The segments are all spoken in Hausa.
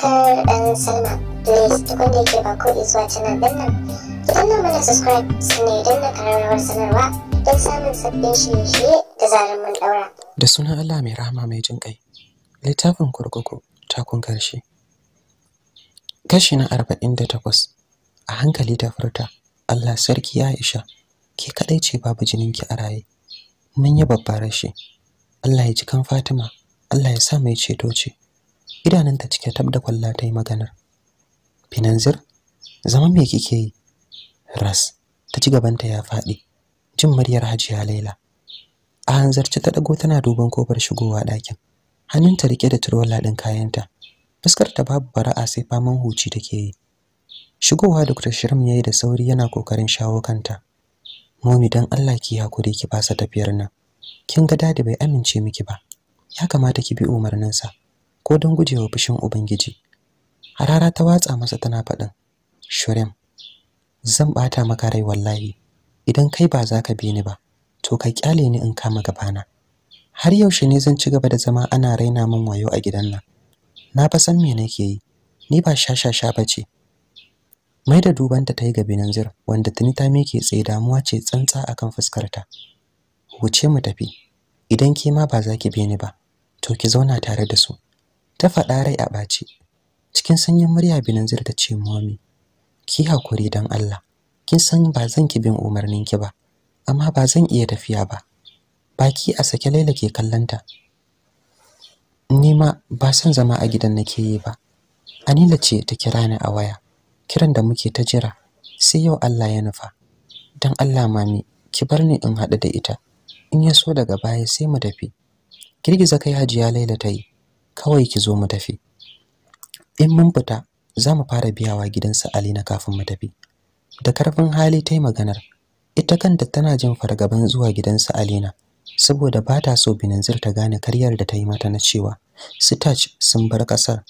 subscribe and sign up. Please ke subscribe sanarwa don samun sabbin shirye-shirye da zarar mun Da sunan Allah mai rahama mai jin kai. Littafin kurkuku takun karshe. Kashi na arba'in da takwas. A hankali da furta. Allah sarki Aisha. Ke kadai ce babu jininki a raye. Mun yi babbar rashi. Allah ya ji kan Fatima. Allah ya sa mai ceto ce. idanunta cike tab da kwalla ta yi maganar finanzir Zama me kike yi ras ta ci gabanta ya faɗi jin muryar hajiya laila a hanzarci ta ɗago tana duban kofar shigowa ɗakin ta rike da turwala ɗin kayanta fuskar ta babu bara'a sai faman huci take yi shigowa dr shirim yayi da sauri yana kokarin shawo kanta momi dan Allah ki hakuri ki fasa tafiyar nan kin ga dadi bai amince miki ba ya kamata ki bi umarninsa ko don gujewa fushin ubangiji harara ta watsa masa tana faɗin shurem zan ɓata maka rai wallahi idan kai ba za ka bi ni ba to ka kyale ni in kama gabana har yaushe ne zan ci gaba da zama ana raina min wayo a gidan nan na fa san me nake yi ni ba shashasha ba ce mai da dubanta ta yi ga binanzir wanda tuni ta miƙe tsaye damuwa ce tsantsa a akan fuskarta wuce mu tafi idan ke ma ba za ki bi ni ba to ki zauna tare da su ta faɗa rai a ɓace cikin sanyin murya Binanzir ta ce mommy ki hakuri dan Allah kin san ba zan ki bin umarnin ki ba amma ba zan iya tafiya ba baki a sake Laila ke kallanta ni ma ba san zama a gidan nake yi ba Anila ce ta kira ni a waya kiran da muke ta jira sai yau Allah ya nufa dan Allah mami ki bar ni in haɗu da ita in ya so daga baya sai mu tafi girgiza kai hajiya Laila ta yi kawai ki zo mu tafi in mun fita za mu fara biyawa gidansa Alina kafin mu tafi da karfin hali ta yi maganar ita kanta tana jin fargaban zuwa gidansa Alina saboda ba ta so Binanzir ta gane karyar da ta yi mata na cewa su touch sun bar ƙasar,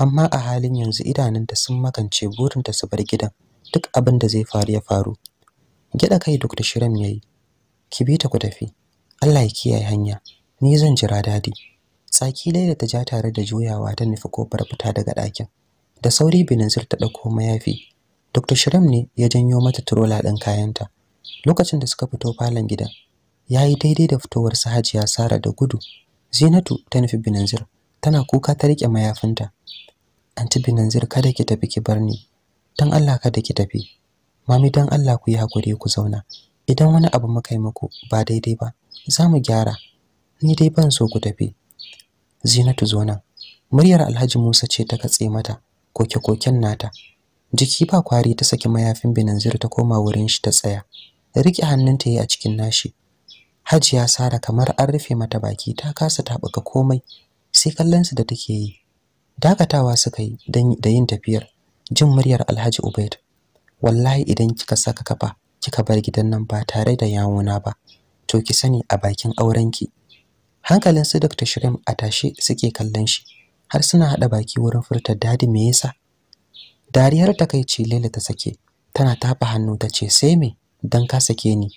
amma a halin yanzu idanunta sun makance burinta su bar gidan duk abin da zai faru ya faru gida kai duk da shirin yayi ki bi ta ku tafi Allah ya kiyaye hanya ni zan jira dadi tsaki Laila ta ja tare da juyawa ta nufi kofar fita daga ɗakin da sauri Binanzir ta ɗauko mayafi Dr. Shiram ne ya janyo mata turola ɗin kayanta lokacin da suka fito falon gidan ya yi daidai da fitowar su Hajiya Sara da gudu Zinatu ta nufi Binanzir tana kuka ta riƙe mayafinta Anti Binanzir kada ki tafi ki bar ni dan Allah kada ki tafi mami dan Allah ku yi hakuri ku zauna idan wani abu muka yi muku ba daidai ba za mu gyara ni dai ban so ku tafi Zinatu zo nan. Muryar Alhaji Musa ce ta katse mata koke-koken nata. Jiki ba kwari ta saki mayafin Binanzir ta koma wurin shi ta tsaya. Rike hannunta yayi a cikin nashi. Haji ya Sara kamar an rufe mata baki ta kasa tabuka komai sai kallon su da take yi. Dakatawa suka yi da yin tafiyar jin muryar Alhaji Ubaid. Wallahi idan kika saka kafa kika bar gidan nan ba tare da yawuna ba to ki sani a bakin aurenki hankalin su Dr. Shirim a tashe suke kallon shi har suna hada baki wurin furta dadi me yasa dariyar ta ce Laila ta sake tana tafa hannu ta ce sai me dan ka sake ni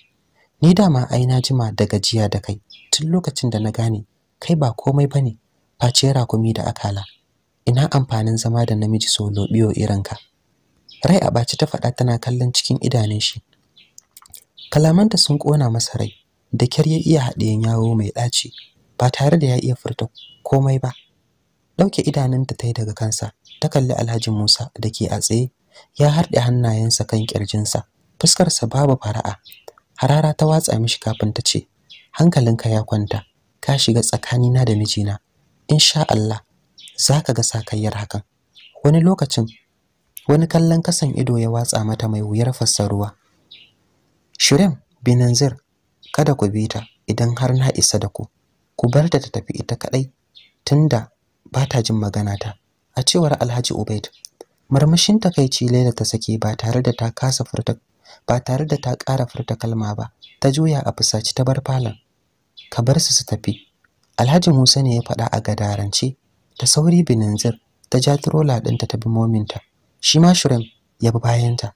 ni dama ai na jima da gajiya da kai tun lokacin da na gane kai ba komai bane face rakumi da akala ina amfanin zama da namiji solo biyo ka. rai a baci ta faɗa tana kallon cikin idanun shi kalamanta sun kona masa rai da kyar ya iya haɗiyan yawo mai ɗaci ba tare da ya iya furta komai ba dauke idanunta tai daga kansa ta kalli Alhaji Musa da ke a tsaye ya harɗe hannayensa kan kirjinsa fuskarsa babu fara'a harara ta watsa mishi kafin ta ce hankalinka ya kwanta ka shiga tsakani na da mijina insha Allah zaka ga sakayyar hakan wani lokacin wani kallon kasan ido ya watsa mata mai wuyar fassaruwa shirin Binanzir kada ku bi idan har na isa da ku ku bar ta ta tafi ita kadai tunda ba ta jin magana ta a cewar Alhaji Ubaid marmashin takeici Laila ta sake ba tare da ta kasa furta ba tare da ta ƙara furta kalma ba ta juya a fusaci ta bar falon ka bar su su tafi Alhaji Musa ne ya faɗa a gadarance ta sauri bininzir ta ja trola ɗinta ta bi mominta shi ma shirin ya bi bayanta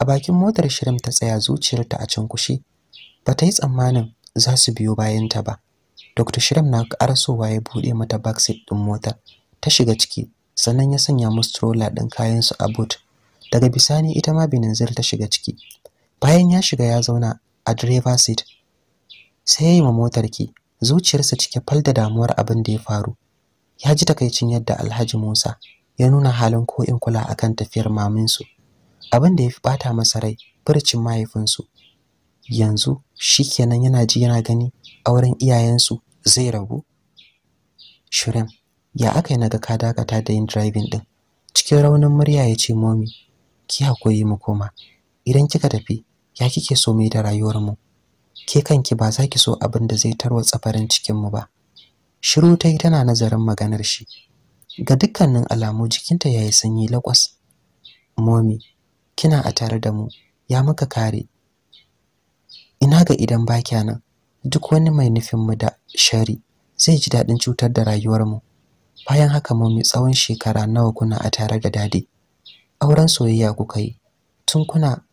a bakin motar shirim ta tsaya zuciyarta a cunkushe ba ta yi tsammanin za su biyo bayanta ba Dr. Shiram na karasowa ya buɗe mata back seat ɗin motar. Ta shiga ciki, sannan ya sanya musu stroller ɗin kayansu a boot. Daga bisani ita ma Binanzir ta shiga ciki. Bayan ya shiga ya zauna a driver seat, sai ya yi ma motar ki, zuciyarsa cike fal da damuwar abin da ya faru. Ya ji takaicin yadda Alhaji Musa ya nuna halin ko in kula akan tafiyar maminsu. Abin da ya fi bata masa rai, furcin mahaifinsu. Yanzu shikenan yana ji yana gani auren iyayensu zai ragu shirin ya aka yi na ga ka dakata da yin driving din cikin raunin murya ya ce momi ki hakuri mu koma idan kika tafi ya kike so mai yi da mu? ke kanki ba za ki so abin da zai tarwatsa farin mu ba shiru ta yi tana nazarin maganar shi ga dukkanin alamu jikinta ya yi sanyi lakwas momi kina a tare da mu ya muka kare ina ga idan ba nan duk wani mai nufin mu da shari zai ji daɗin cutar da rayuwar mu bayan haka mummy tsawon shekara nawa kuna a tare da dadi auren soyayya kuka yi tun kuna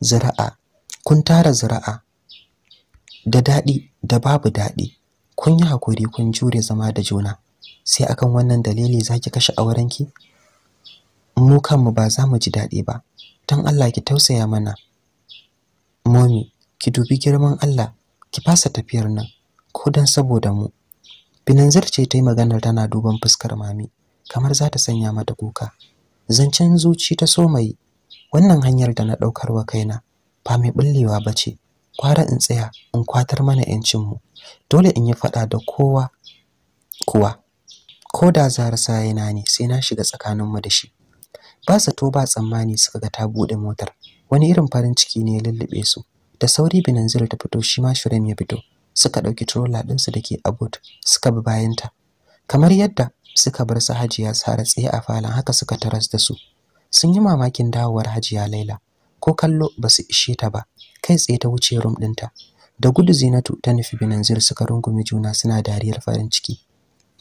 zira'a kun tara zira'a da daɗi da babu daɗi kun yi hakuri kun jure zama da juna sai akan wannan dalili ki kashe aurenki mu kanmu ba za mu ji daɗi ba don Allah ki tausaya mana momi ki dubi girman Allah ki fasa tafiyar nan ko dan saboda mu binanzar ce ta yi maganar tana duban fuskar mami kamar za ta sanya mata kuka zancen zuci ta so mai wannan hanyar da na daukar wa kaina ba mai bullewa bace kwara in tsaya in kwatar mana yancin mu dole in yi fada da kowa kuwa ko da zara yana ne sai na shiga tsakanin mu da shi ba zato ba tsammani suka ga ta bude motar wani irin farin ciki ne ya lullube su da sauri binanzir ta fito shi ma shirin ya fito suka ɗauki trola ɗinsu da ke abot suka bi bayanta kamar yadda suka bar su hajiya sara tsaye a falon haka suka taras da su sun yi mamakin dawowar hajiya laila ko kallo ba su ishe ta ba kai tsaye ta wuce rum ɗinta da gudu zinatu ta nufi binanzir suka rungume juna suna dariyar farin ciki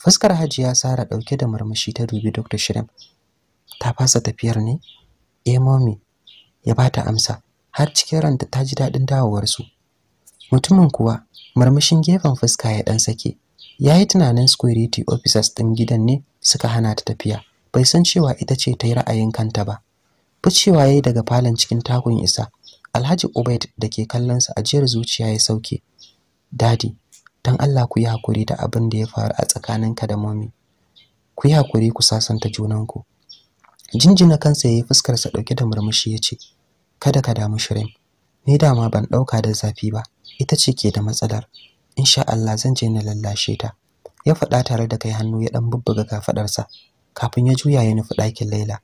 fuskar hajiya sara ɗauke da murmushi ta dubi dr Shirin. ta fasa tafiyar ne eh mommy ya bata amsa har cikin ranta ta ji daɗin dawowarsu mutumin kuwa marmashin gefen fuska ya ɗan sake ya yi tunanin security officers ɗin gidan ne suka hana ta tafiya bai san cewa ita ce ta yi ra'ayin kanta ba ficewa ya yi daga falon cikin takun isa alhaji ubaid da ke kallonsa ajiyar zuciya ya sauke dadi don allah ku yi hakuri da abin da ya faru a tsakaninka da momi ku yi hakuri ku sasanta junanku jinjina kansa ya yi fuskarsa ɗauke da murmushi ya ce kada ka damu shirin ni dama ban dauka da zafi ba ita ce ke da matsalar insha Allah zan je na lallashe ta ya faɗa tare da kai hannu ya dan bubbuga kafadarsa kafin ya juya ya nufi ɗakin Laila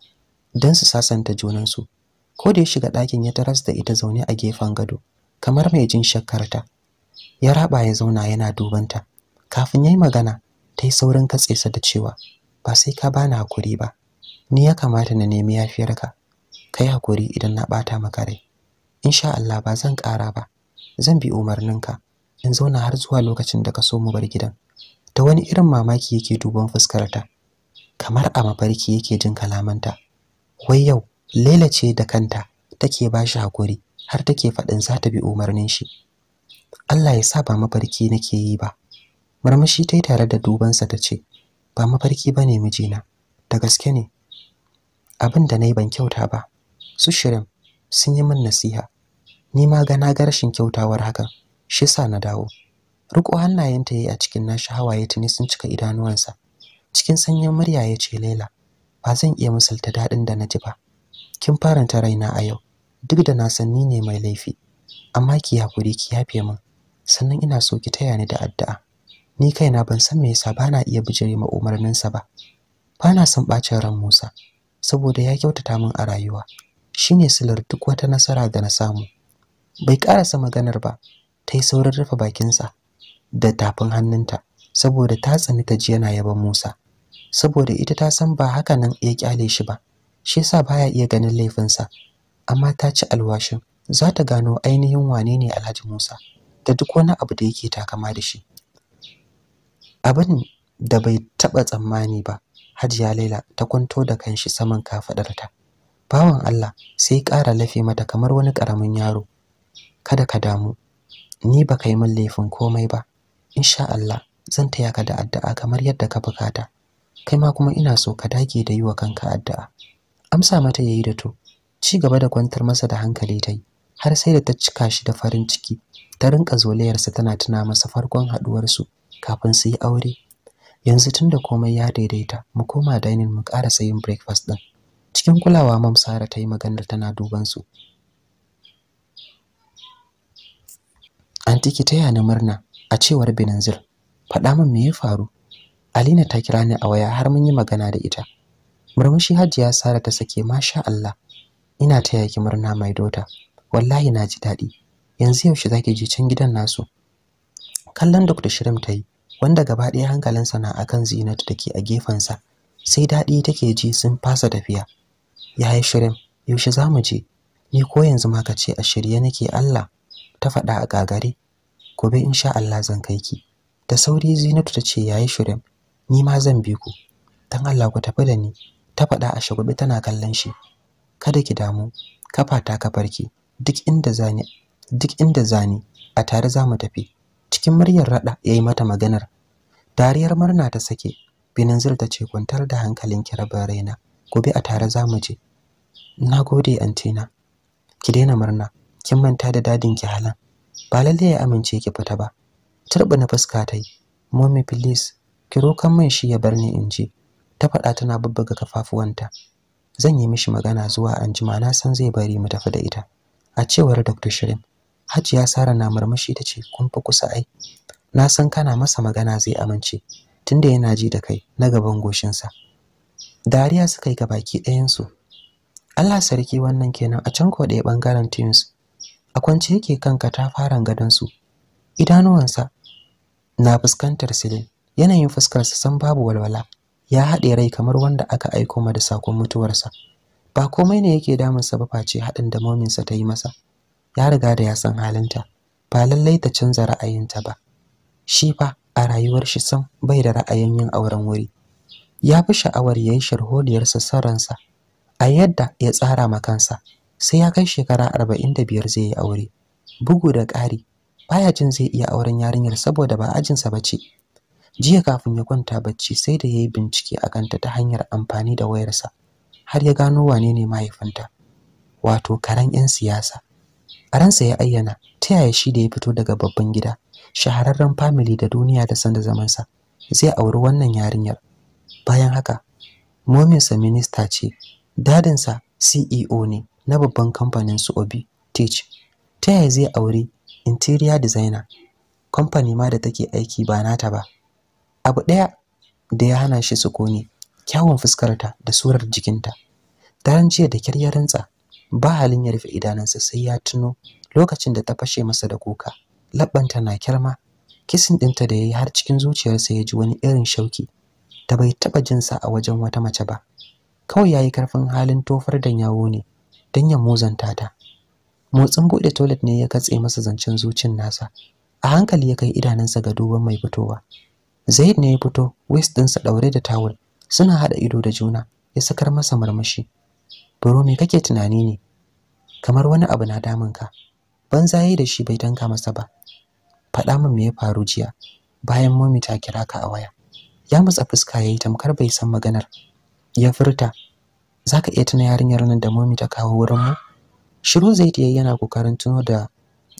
don su sasanta junansu ko da ya shiga ɗakin ya taras da ita zaune a gefen gado kamar mai jin shakkarta ya raba ya zauna yana dubanta kafin ya yi magana ta yi saurin katse sa da cewa ba sai ka bani hakuri ba ni ya kamata na nemi yafiyarka kai hakuri idan na bata maka rai insha Allah ba zan ƙara ba zan bi umarninka in zauna har zuwa lokacin da ka so mu bar gidan ta wani irin mamaki yake duban fuskarta kamar a mafarki yake jin kalamanta wai yau Laila ce da kanta take ba shi hakuri har take faɗin za ta bi umarnin shi Allah ya sa ba mafarki nake yi ba murmushi tai tare da dubansa ta ce ba mafarki bane mijina da gaske ne abin da nayi ban kyauta ba su shirin sun yi min nasiha ni ma ga na rashin kyautawar hakan shi sa na dawo riko hannayenta yi a cikin nashi hawaye tuni sun cika idanuwansa cikin sanyin murya ya ce Laila ba zan iya misalta daɗin da na ji ba kin faranta raina a yau duk da na san ni ne mai laifi amma ki hakuri ki yafe min sannan ina so ki taya ni da addu'a ni kaina ban san me yasa bana iya bijire ma umarninsa ba na son bacin ran Musa saboda ya kyautata min a rayuwa shine silar duk wata nasara da na samu bai karasa maganar ba ta yi saurin rufe bakinsa da tafin hannunta saboda ta tsani ta ji yana yaban Musa saboda ita ta san ba haka nan ya kyale shi ba shi yasa baya iya ganin laifinsa amma ta ci alwashin za ta gano ainihin wane ne Alhaji Musa da duk wani abu da yake takama da shi abin da bai taba tsammani ba Hajiya Laila ta kwanto da kanshi saman kafadarta bawan Allah sai ƙara lafe mata kamar wani ƙaramin yaro kada ka damu ni ba kai min laifin komai ba insha Allah zan taya ka da addu'a kamar yadda ka bukata kai ma kuma ina so ka dage da yi wa kanka addu'a amsa mata yayi da to ci gaba da kwantar masa da hankali tai har sai da ta cika shi da farin ciki ta rinka zolayarsa tana tuna masa farkon haduwarsu kafin su yi aure yanzu tunda komai ya daidaita mu koma dining mu ƙara sayin breakfast din cikin kulawa mam Sara ta yi maganar tana duban su Antiki ta yana murna a cewar Binanzir faɗa min me ya faru Alina ta kira ni a waya har mun yi magana da ita Murmushi Hajiya Sara ta sake masha Allah ina taya ki murna mai dota wallahi na ji daɗi yanzu yaushe zaki je can gidan nasu kallon Dr. Shirim ta yi wanda gaba ɗaya hankalinsa na akan Zinatu da ke a gefensa sai daɗi take ji sun fasa tafiya ya yi shirin yaushe za mu je ni ko yanzu ma ka ce a shirye nake Allah ta faɗa a gagare gobe in sha Allah zan kai ki da sauri Zinatu ta ce yayi shirin ni ma zan bi ku dan Allah ku tafi da ni ta faɗa a shagwabe tana kallon shi kada ki damu kafa ta kafarki duk inda zani duk inda zani a tare za mu tafi cikin muryar rada yayi mata maganar dariyar murna ta sake zil ta ce kwantar da hankalin ki raina gobe a tare za mu je Na gode Antena. Ki daina murna. Kin manta da dadin ki halan. Ba lalle ya amince ki fita ba. Turba na fuska ta yi. Mommy please, ki rokan min shi ya bar ni in je. Ta faɗa tana bubbuga kafafuwanta. Zan yi mishi magana zuwa anjima na san zai bari mu tafi da ita. A cewar Dr. Shirin, Hajiya Sara na murmushi ta ce kun fi kusa ai. Na san kana masa magana zai amince tunda yana ji da kai na gaban goshinsa. Dariya suka yi ga baki ɗayansu Allah sarki wannan kenan a can ko ɓangaren bangaren teams a kwance yake kan katafaren gadon su idanuwansa na fuskantar silin yanayin fuskarsa san babu walwala ya haɗe rai kamar wanda aka aiko ma da sakon mutuwarsa ba komai ne yake damunsa ba face haɗin da mominsa ta yi masa ya riga da ya san halinta ba lallai ta canza ra'ayinta ba shi fa a rayuwar shi san bai da ra'ayin yin auren wuri ya fi sha'awar yayin sharholiyarsa saransa a yadda ya tsara ma kansa sai ya kai shekara 45 zai yi aure bugu da ƙari baya jin zai iya auren yarinyar saboda ba ajinsa ce. jiya kafin ya kwanta bacci sai da ya yi bincike a kanta ta hanyar amfani da wayarsa har ya gano wane ne mahaifinta wato karen yan siyasa a ransa ya ayyana ta yaya shi da ya fito daga babban gida shahararren famili da duniya da sanda zamansa zai auri wannan yarinyar bayan haka mominsa minista ce dadinsa CEO ne na babban kamfanin su Obi Teach ta yaya zai aure interior designer kamfani ma da take aiki ba nata ba abu ɗaya da ya hana shi suko ne, kyawun fuskarta da surar jikinta daren jiya da kyar ya ba halin ya rufe idanunsa sai ya tuno lokacin da ta fashe masa da kuka labbanta na kyarma kisin ɗinta da yayi har cikin zuciyarsa ya ji wani irin shauki da bai taba jinsa a wajen wata mace ba kawai yayi karfin halin tofar da yawo ne don ya muzanta ta motsin bude toilet ne ya katse masa zancen zuciyar nasa a hankali ya kai idanunsa ga duban mai fitowa Zaid ne ya fito waist dinsa daure da tawul suna hada ido da juna ya sakar masa murmushi. buru me kake tunani ne kamar wani abu na damun ka banza da shi bai tanka masa ba faɗa min me ya faru jiya bayan mami ta kira ka a waya ya matsa fuska yayi tamkar bai san maganar ya furta zaka iya tuna yarinyar nan da mami ta kawo wurin mu shiru zai yayi yana kokarin tuno da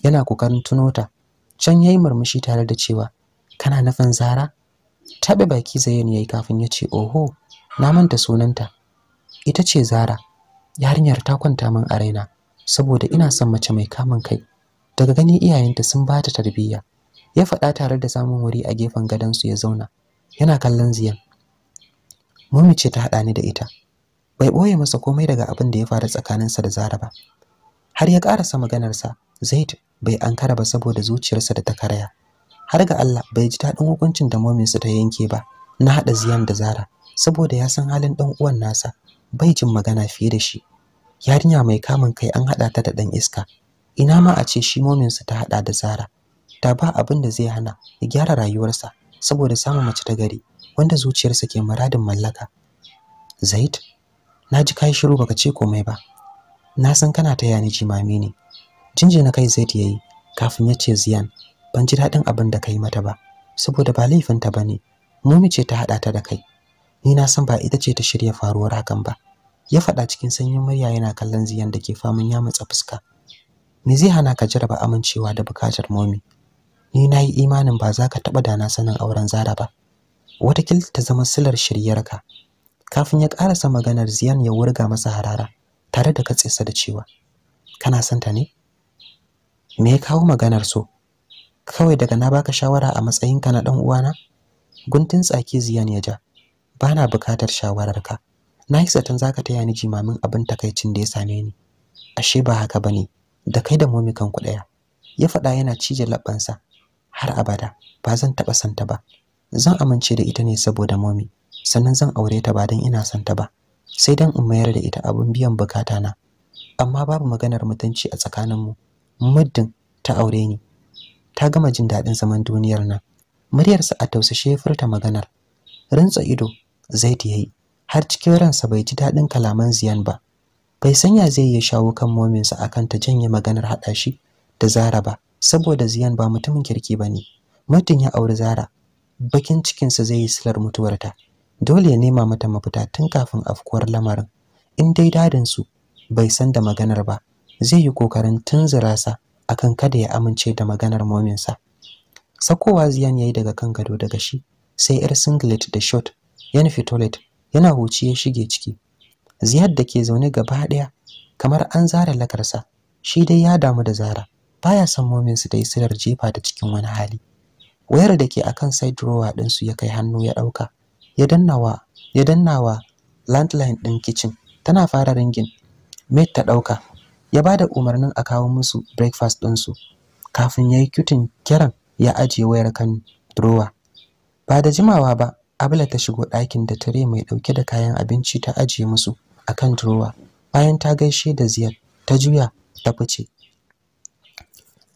yana kokarin tuno ta can yayi murmushi tare da cewa kana nufin Zara tabe baki zayen yayi kafin ya ce oho na manta sunanta ita ce Zara yarinyar ta kwanta min a raina saboda ina son mace mai kamun kai daga gani iyayenta sun bata ta tarbiyya ya faɗa tare da samun wuri a gefen su ya zauna yana kallon ziyan Mummy ce ta haɗa ni da ita. Bai ɓoye masa komai daga abin da ya faru tsakaninsa da Zara ba. Har ya ƙarasa maganarsa, Zaid bai ankara ba saboda zuciyarsa da ta karaya. Har ga Allah bai ji daɗin hukuncin da su ta yanke ba na haɗa ziyan da Zara saboda ya san halin ɗan uwan nasa bai jin magana fiye da shi. Yarinya mai kamun kai an haɗa ta da ɗan iska. Ina ma a ce shi su ta haɗa da Zara. Ta ba abin da zai hana ya gyara rayuwarsa saboda samun mace ta gari. wanda zuciyarsa ke muradin mallaka zaid na ji kai shiru baka ce komai ba na san kana taya ni jimami ne jinje na kai zaid yayi kafin ya ce ziyan ban ji daɗin abin da kai mata ba saboda ba laifinta ne, mumi ce ta haɗa ta da kai ni na san ba ita ce ta shirya faruwar hakan ba ya faɗa cikin sanyin murya yana kallon ziyan da ke faman ya matsa fuska me zai hana ka jaraba amincewa da bukatar momi ni na yi imanin ba za ka taɓa dana sanin auren zara ba watakil ta zama silar shiryarka kafin ya karasa maganar ziyan ya wurga masa harara tare da katsesa da cewa kana santa ne me ya kawo maganar so kawai daga na baka shawara a matsayinka na dan uwana guntun tsaki ziyan ya ja bana bukatar shawararka na yi zaton zaka taya ni jimamin abin takaicin da ya same ni ashe ba haka bane da kai da momi kuɗaya. daya ya faɗa yana cije labbansa har abada ba zan taɓa santa ba zan amince da ita ne saboda momi. sannan zan aure ta ba dan ina son ta ba sai dan in mayar da ita abun biyan bukata na amma babu maganar mutunci a tsakanin mu muddin ta aure ni ta gama jin daɗin zaman duniyar nan muryarsa a tausashe furta maganar rantsa ido zaiti yayi har cikin ransa bai ji dadin kalaman ziyan ba bai sanya zai ya shawo kan momin sa akan ta janye maganar haɗa shi da zara ba saboda ziyan ba mutumin kirki ba ne muddin ya auri zara bakin cikinsa zai yi silar mutuwarta dole ya nema mata mafita tun kafin afkuwar lamarin in dai dadinsu bai san da maganar ba zai yi kokarin tunzura sa akan kada ya amince da maganar mominsa sakowa ziyan yayi daga kan gado daga shi sai yar singlet da short ya nufi toilet yana huci ya shige ciki ziyad da ke zaune gaba daya kamar an zara lakarsa shi dai ya damu da zara baya son mominsa da yi silar jefa da cikin wani hali wayar da ke akan side drawer din su ya kai hannu ya dauka ya dannawa ya dannawa landline din kitchen tana fara ringin mate ta dauka ya bada umarnin a kawo musu breakfast din su kafin yayi cutin kiran ya ajiye wayar kan drawer ba da jimawa ba abla ta shigo ɗakin da tare mai dauke da kayan abinci ta ajiye musu akan drawer bayan ta gaishe da ziyar ta juya ta fice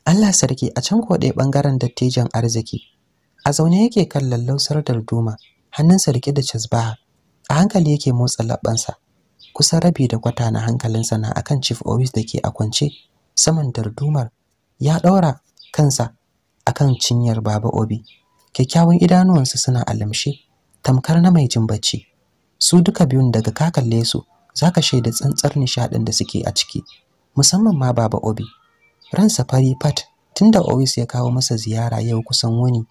Allah sarki a can koɗe bangaren dattijan arziki a zaune yake kan lallausar darduma hannunsa rike da cizbaha a hankali yake motsa labbansa kusan rabi da kwata na hankalinsa na akan chief ofis da ke a kwance saman dardumar ya ɗaura kansa akan cinyar baba obi kyakkyawan idanuwansa suna alamshe tamkar na mai jin bacci su duka biyun daga ka kalle su zaka shaida tsantsar nishaɗin da suke a ciki musamman ma baba obi ransa fari pat tunda ofis ya kawo masa ziyara yau kusan wani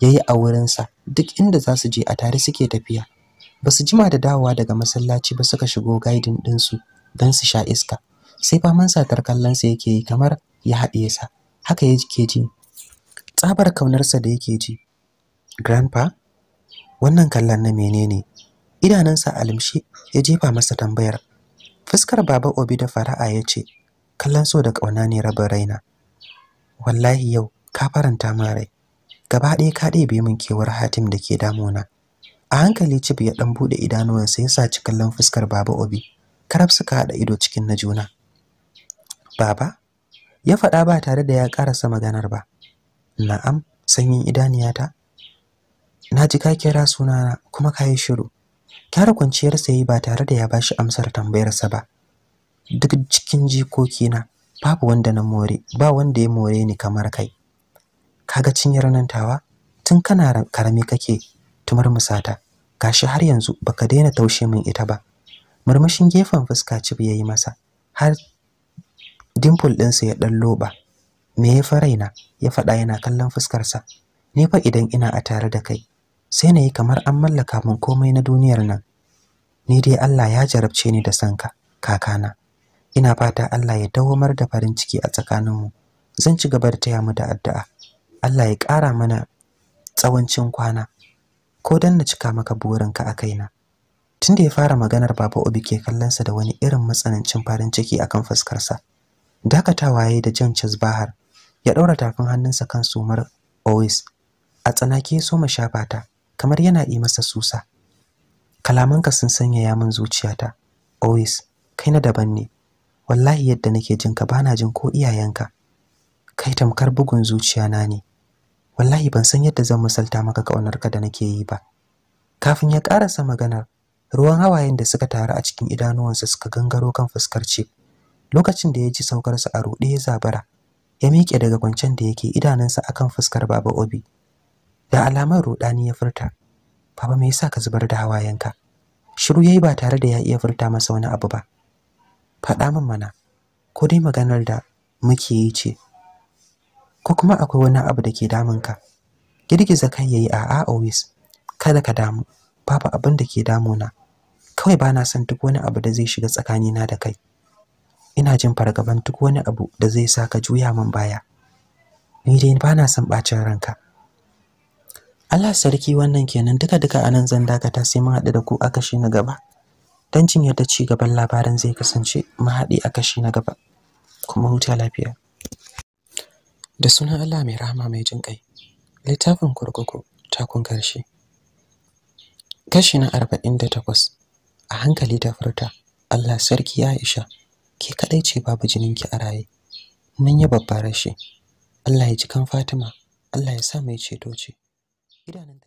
ya yi a wurinsa duk inda za su je a tare suke tafiya ba su jima da dawowa daga masallaci ba suka shigo gaidin ɗinsu don su sha iska sai faman satar kallonsa yake yi kamar ya haɗe sa haka ya ke ji tsabar kaunarsa da yake ji grandpa wannan kallon na menene idanunsa alimshi ya jefa masa tambayar fuskar baba obi da fara'a ya ce kallon so da ƙauna ne rabin raina wallahi yau ka faranta mara rai gaba ɗaya ka bai min kewar hatim da ke damuna a hankali cif ya ɗan buɗe idanuwansa ya saci kallon fuskar baba obi karab suka haɗa ido cikin na juna baba ya faɗa ba tare da ya ƙarasa maganar ba na'am sanyin idaniyata na ji ka kira sunana kuma ka yi shiru kyara kwanciyarsa yi ba tare da ya ba shi amsar tambayarsa ba duk cikin jikokina babu wanda na more ba wanda ya more ni kamar kai kaga cinyar nan tawa tun kana karami kake tumar musata gashi har yanzu baka daina taushe min ita ba murmushin gefen fuska cib yayi masa har dimple ɗinsa ya ɗan loba me ya fa raina ya faɗa yana kallon fuskarsa ni fa idan ina a tare da kai sai na yi kamar an mallaka mun komai na duniyar nan ni dai Allah ya jarabce ni da sanka kakana ina fata Allah ya dawamar da farin ciki a tsakaninmu zan ci gaba da taya mu da addu'a Allah ya ƙara mana tsawancin kwana ko dan na cika maka burinka a kaina tunda ya fara maganar baba Obi ke kallonsa da wani irin matsanancin farin ciki akan fuskarsa dakatawa yayi da John bahar ya daura tafin hannunsa kan sumar Owis a tsanake so ma shafata kamar yana yi masa susa kalamanka sun sanyaya yamin zuciyata ois kai na daban ne wallahi yadda nake jinka bana jin ko iyayenka kai tamkar bugun zuciya na ne wallahi ban san yadda zan misalta maka kaunarka da nake yi ba kafin ya karasa maganar ruwan hawayen da suka taru a cikin idanuwansa suka gangaro kan fuskar ce lokacin da ya ji saukarsa a ruɗe ya zabara ya miƙe daga kwancen da yake idanunsa akan fuskar baba obi da alamar ruɗani ya furta baba me yasa ka zubar da hawayenka shiru yayi ba tare da ya iya furta masa wani abu ba faɗa min mana ko dai maganar da muke yi ce ko kuma akwai wani abu da ke damun ka girgiza kai yayi a always kada ka damu babu abin da ke damuna kawai bana son duk wani abu da zai shiga tsakani na da kai ina jin fargaban duk wani abu da zai sa ka juya min baya ni dai bana son bacin ranka Allah sarki wannan kenan duka duka anan zan dakata sai mun haɗu da ku a kashi na gaba dan jin yadda ci gaban labaran zai kasance mu haɗi a kashi na gaba kuma huta lafiya da sunan Allah mai rahama mai jin ƙai littafin kurkuku takun karshe kashi na arba'in da takwas a hankali ta furta Allah sarki Aisha ke kaɗai ce babu jininki a raye mun yi babbar rashi Allah ya ji kan Fatima Allah ya sa mai ceto ce idanunta